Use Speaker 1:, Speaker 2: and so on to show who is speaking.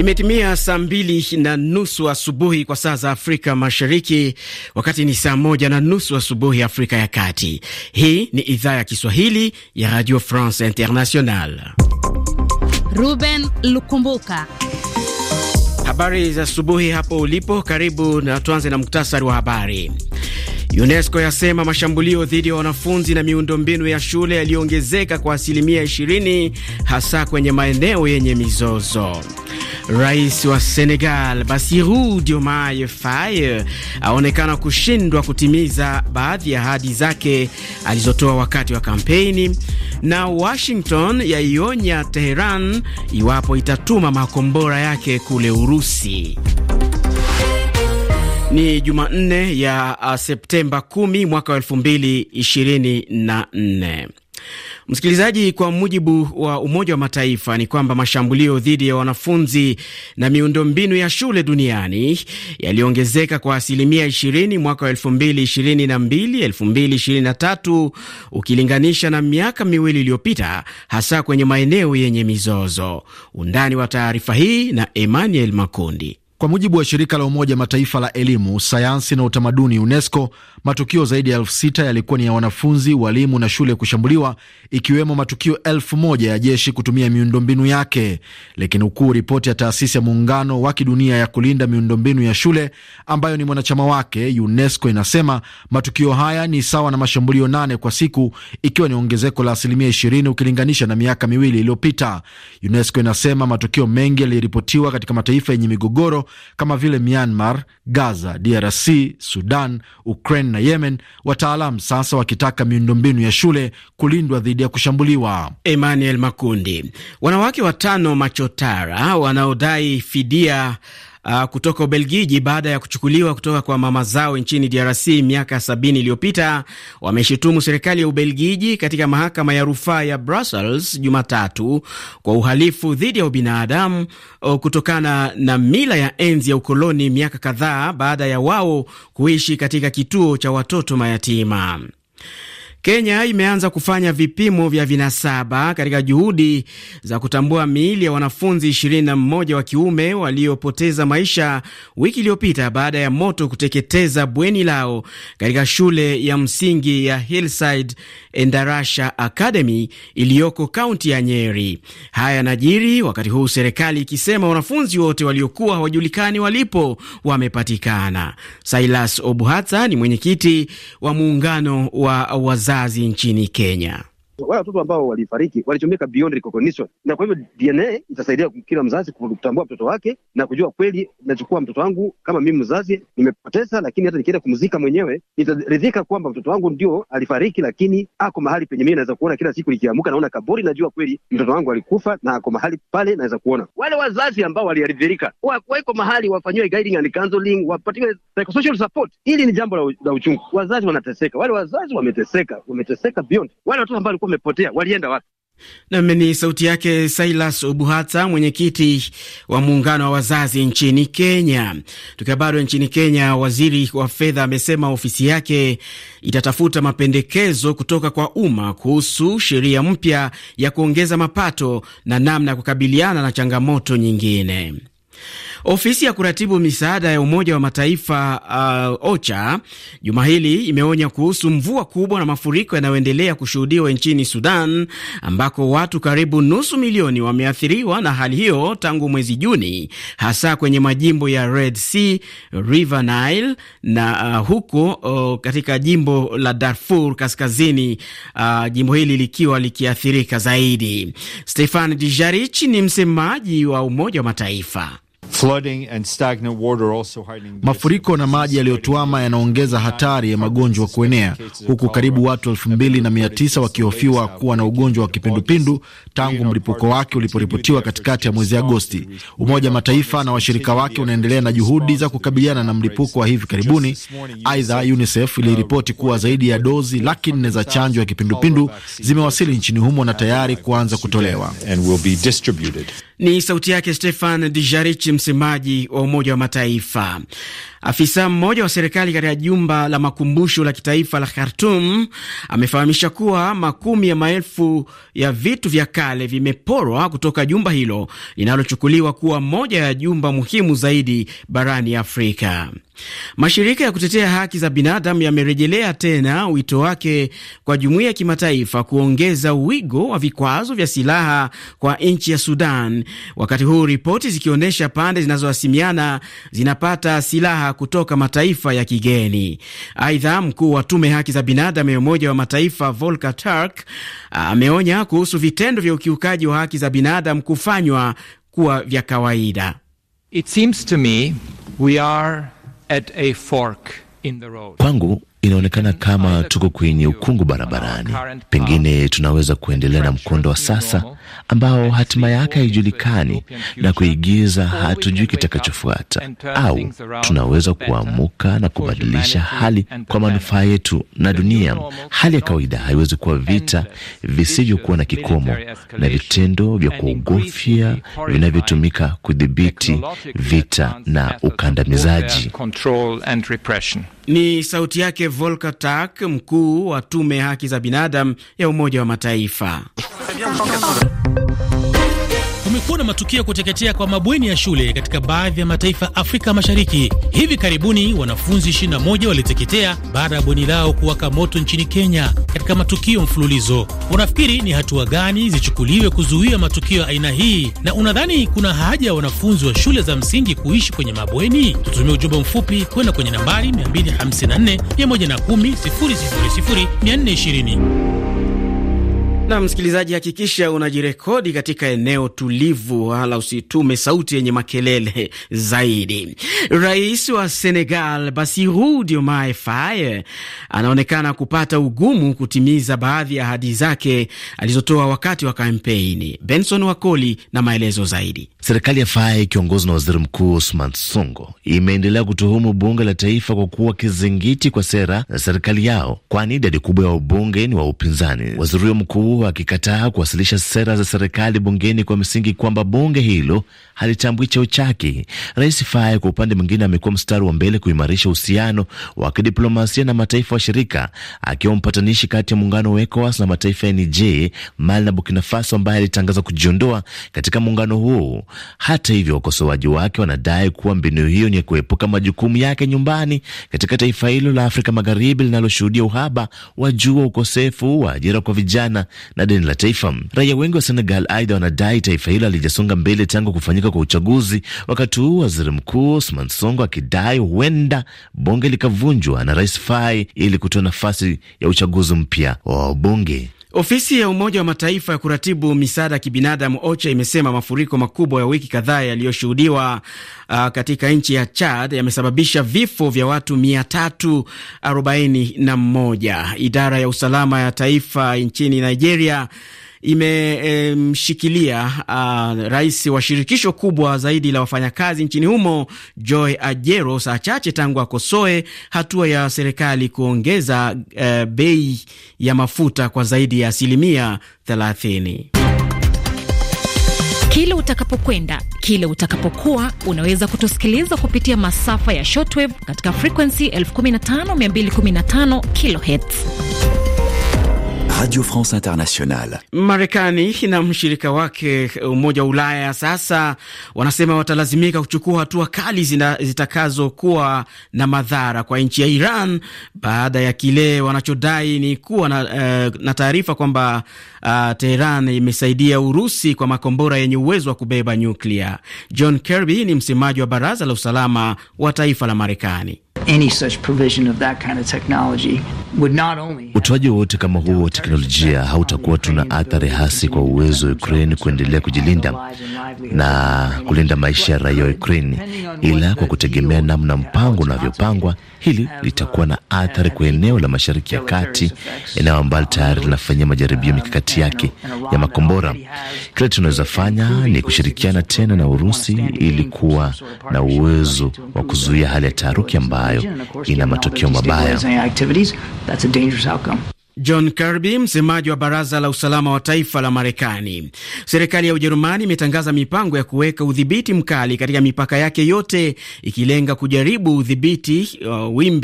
Speaker 1: Imetimia saa mbili na nusu asubuhi kwa saa za Afrika Mashariki, wakati ni saa moja na nusu asubuhi Afrika ya Kati. Hii ni idhaa ya Kiswahili ya Radio France International.
Speaker 2: Ruben Lukumbuka,
Speaker 1: habari za asubuhi hapo ulipo. Karibu na tuanze na muktasari wa habari. UNESCO yasema mashambulio dhidi ya wanafunzi na miundombinu ya shule yaliyoongezeka kwa asilimia 20 hasa kwenye maeneo yenye mizozo. Rais wa Senegal Bassirou Diomaye Faye aonekana kushindwa kutimiza baadhi ya ahadi zake alizotoa wakati wa kampeni, na Washington yaionya Teheran iwapo itatuma makombora yake kule Urusi. Ni Jumanne ya ah, Septemba 10 mwaka wa 2024. Msikilizaji, kwa mujibu wa Umoja wa Mataifa ni kwamba mashambulio dhidi ya wanafunzi na miundombinu ya shule duniani yaliongezeka kwa asilimia 20 mwaka wa 2022 2023 ukilinganisha na miaka miwili iliyopita, hasa kwenye maeneo yenye mizozo. Undani wa taarifa hii na Emmanuel Makundi. Kwa mujibu wa shirika la Umoja Mataifa la elimu,
Speaker 2: sayansi na utamaduni UNESCO, matukio zaidi ya elfu sita yalikuwa ni ya wanafunzi, walimu na shule kushambuliwa, ikiwemo matukio elfu moja ya jeshi kutumia miundombinu yake. Likinukuu ripoti ya taasisi ya muungano wa kidunia ya kulinda miundombinu ya shule ambayo ni mwanachama wake UNESCO inasema matukio haya ni sawa na mashambulio nane kwa siku, ikiwa ni ongezeko la asilimia 20 ukilinganisha na miaka miwili iliyopita. UNESCO inasema matukio mengi yaliripotiwa katika mataifa yenye migogoro kama vile Myanmar, Gaza, DRC, Sudan, Ukraine na Yemen, wataalam sasa wakitaka miundombinu ya shule
Speaker 1: kulindwa dhidi ya kushambuliwa. Emmanuel Makundi. Wanawake watano machotara wanaodai fidia uh, kutoka Ubelgiji baada ya kuchukuliwa kutoka kwa mama zao nchini DRC miaka sabini iliyopita wameshutumu serikali ya Ubelgiji katika mahakama ya rufaa ya Brussels Jumatatu kwa uhalifu dhidi ya ubinadamu oh, kutokana na mila ya enzi ya ukoloni miaka kadhaa baada ya wao kuishi katika kituo cha watoto mayatima. Kenya imeanza kufanya vipimo vya vinasaba katika juhudi za kutambua miili ya wanafunzi 21 wa kiume waliopoteza maisha wiki iliyopita baada ya moto kuteketeza bweni lao katika shule ya msingi ya Hillside Endarasha Academy iliyoko kaunti ya Nyeri. Haya yanajiri wakati huu serikali ikisema wanafunzi wote waliokuwa hawajulikani walipo wamepatikana. Silas Obuhata ni mwenyekiti wa muungano wa wazazi wazazi nchini Kenya wale watoto ambao walifariki walichomeka beyond recognition, na kwa hivyo DNA itasaidia kila mzazi kutambua mtoto wake na kujua kweli, nachukua mtoto wangu kama mimi mzazi nimepoteza, lakini hata nikienda kumzika mwenyewe nitaridhika kwamba mtoto wangu ndio alifariki, lakini ako mahali penye mimi naweza kuona kila siku nikiamka, naona kaburi, najua kweli mtoto wangu alikufa na ako mahali pale naweza kuona. Wale wazazi ambao waliaridhirika wako mahali wafanyiwe guiding and counseling, wapatiwe psychosocial support. Hili ni jambo la, la uchungu. Wazazi wanateseka, wale wazazi wameteseka, wameteseka beyond wale watoto ambao walikuwa umepotea, walienda wapi? Nam ni sauti yake Silas Obuhata, mwenyekiti wa muungano wa wazazi nchini Kenya. Tukiwa bado nchini Kenya, waziri wa fedha amesema ofisi yake itatafuta mapendekezo kutoka kwa umma kuhusu sheria mpya ya kuongeza mapato na namna ya kukabiliana na changamoto nyingine. Ofisi ya kuratibu misaada ya Umoja wa Mataifa uh, OCHA juma hili imeonya kuhusu mvua kubwa na mafuriko yanayoendelea kushuhudiwa nchini Sudan, ambako watu karibu nusu milioni wameathiriwa na hali hiyo tangu mwezi Juni, hasa kwenye majimbo ya Red Sea, River Nile na uh, huko uh, katika jimbo la Darfur Kaskazini, uh, jimbo hili likiwa likiathirika zaidi. Stefan Dijarich ni msemaji wa Umoja wa Mataifa. Mafuriko na maji
Speaker 2: yaliyotuama yanaongeza hatari ya magonjwa kuenea, huku karibu watu elfu na wakihofiwa kuwa na ugonjwa wa kipindupindu tangu mlipuko wake uliporipotiwa katikati ya mwezi Agosti. Umoja wa Mataifa na washirika wake unaendelea na juhudi za kukabiliana na mlipuko wa hivi karibuni. Aidha, UNICEF iliripoti kuwa zaidi ya dozi laki nne za chanjo ya kipindupindu zimewasili nchini humo na tayari kuanza kutolewa.
Speaker 1: Ni sauti yake Stefan Dijarichi, msemaji wa Umoja wa Mataifa. Afisa mmoja wa serikali katika jumba la makumbusho la kitaifa la Khartum amefahamisha kuwa makumi ya maelfu ya vitu vya kale vimeporwa kutoka jumba hilo linalochukuliwa kuwa moja ya jumba muhimu zaidi barani Afrika. Mashirika ya kutetea haki za binadamu yamerejelea tena wito wake kwa jumuiya ya kimataifa kuongeza wigo wa vikwazo vya silaha kwa nchi ya Sudan, wakati huu ripoti zikionyesha pande zinazohasimiana zinapata silaha kutoka mataifa ya kigeni. Aidha, mkuu wa tume haki za binadamu ya Umoja wa Mataifa Volker Turk ameonya kuhusu vitendo vya ukiukaji wa haki za binadamu kufanywa kuwa vya kawaida. It seems to me we are at a fork in the road.
Speaker 3: Kwangu Inaonekana kama tuko kwenye ukungu barabarani. Pengine tunaweza kuendelea na mkondo wa sasa ambao hatima yake haijulikani na kuigiza, hatujui kitakachofuata, au tunaweza kuamuka na kubadilisha hali kwa manufaa yetu na dunia. Hali ya kawaida haiwezi kuwa vita visivyokuwa na kikomo na vitendo vya kuogofya vinavyotumika kudhibiti vita na ukandamizaji.
Speaker 1: Ni sauti yake Volker Turk, mkuu wa tume ya haki za binadamu ya Umoja wa Mataifa kuna matukio ya kuteketea kwa mabweni ya shule katika baadhi ya mataifa Afrika Mashariki. Hivi karibuni wanafunzi 21 waliteketea baada ya bweni lao kuwaka moto nchini Kenya katika matukio mfululizo. Unafikiri ni hatua gani zichukuliwe kuzuia matukio ya aina hii, na unadhani kuna haja ya wanafunzi wa shule za msingi kuishi kwenye mabweni? Tutumie ujumbe mfupi kwenda kwenye nambari 254 110 000 420. Na msikilizaji, hakikisha unajirekodi katika eneo tulivu, wala usitume sauti yenye makelele zaidi. Rais wa Senegal Bassirou Diomaye Faye anaonekana kupata ugumu kutimiza baadhi ya ahadi zake alizotoa wakati wa kampeni. Benson Wakoli na maelezo zaidi.
Speaker 3: Serikali ya Faye ikiongozwa na waziri mkuu Usman Sungo imeendelea kutuhumu bunge la taifa kwa kuwa kizingiti kwa sera za serikali yao, kwani idadi kubwa ya wabunge ni wa upinzani. Waziri huyo mkuu huo akikataa kuwasilisha sera za serikali bungeni kwa msingi kwamba bunge hilo halitambui cheo chake. Rais Faye kwa upande mwingine amekuwa mstari wa mbele kuimarisha uhusiano wa kidiplomasia na mataifa wa shirika, akiwa mpatanishi kati ya muungano wa ECOWAS na mataifa ya Niger, Mali na Burkina Faso ambaye alitangaza kujiondoa katika muungano huo. Hata hivyo, wakosoaji wake wanadai kuwa mbinu hiyo ni ya kuepuka majukumu yake nyumbani katika taifa hilo la Afrika Magharibi linaloshuhudia uhaba wa juu wa ukosefu wa ajira kwa vijana na deni la taifa. Raia wengi wa Senegal aidha wanadai taifa hilo alijasonga mbele tangu kufanyika kwa uchaguzi, wakati huu waziri mkuu Ousmane Sonko akidai huenda bunge likavunjwa na Rais Faye ili kutoa nafasi ya uchaguzi mpya wa wabunge.
Speaker 1: Ofisi ya Umoja wa Mataifa ya kuratibu misaada ya kibinadamu OCHA imesema mafuriko makubwa ya wiki kadhaa yaliyoshuhudiwa uh, katika nchi ya Chad yamesababisha vifo vya watu 341. Idara ya usalama ya taifa nchini Nigeria imemshikilia uh, rais wa shirikisho kubwa zaidi la wafanyakazi nchini humo Joy Ajero saa chache tangu akosoe hatua ya serikali kuongeza uh, bei ya mafuta kwa zaidi ya asilimia 30.
Speaker 2: Kile utakapokwenda kile utakapokuwa unaweza kutusikiliza kupitia masafa ya shortwave katika frequency 15215 kilohertz. Radio France Internationale.
Speaker 1: Marekani na mshirika wake Umoja wa Ulaya sasa wanasema watalazimika kuchukua hatua kali zitakazokuwa na madhara kwa nchi ya Iran baada ya kile wanachodai ni kuwa na, uh, na taarifa kwamba uh, Teheran imesaidia Urusi kwa makombora yenye uwezo wa kubeba nyuklia. John Kirby ni msemaji wa Baraza la Usalama wa Taifa la Marekani
Speaker 3: utoaji wowote kama huo wa teknolojia hautakuwa tuna athari hasi kwa uwezo wa Ukraine kuendelea kujilinda na kulinda maisha ya raia wa Ukraine, ila kwa kutegemea namna mpango unavyopangwa, hili litakuwa na athari kwa eneo la Mashariki ya Kati, eneo ambalo tayari linafanyia majaribio mikakati yake ya makombora. Kile tunaweza fanya ni kushirikiana tena na Urusi ili kuwa na uwezo wa kuzuia hali ya taharuki ambayo ambayo ina matokeo mabaya.
Speaker 1: John Kirby, msemaji wa baraza la usalama wa taifa la Marekani. Serikali ya Ujerumani imetangaza mipango ya kuweka udhibiti mkali katika mipaka yake yote ikilenga kujaribu udhibiti uh, wimbi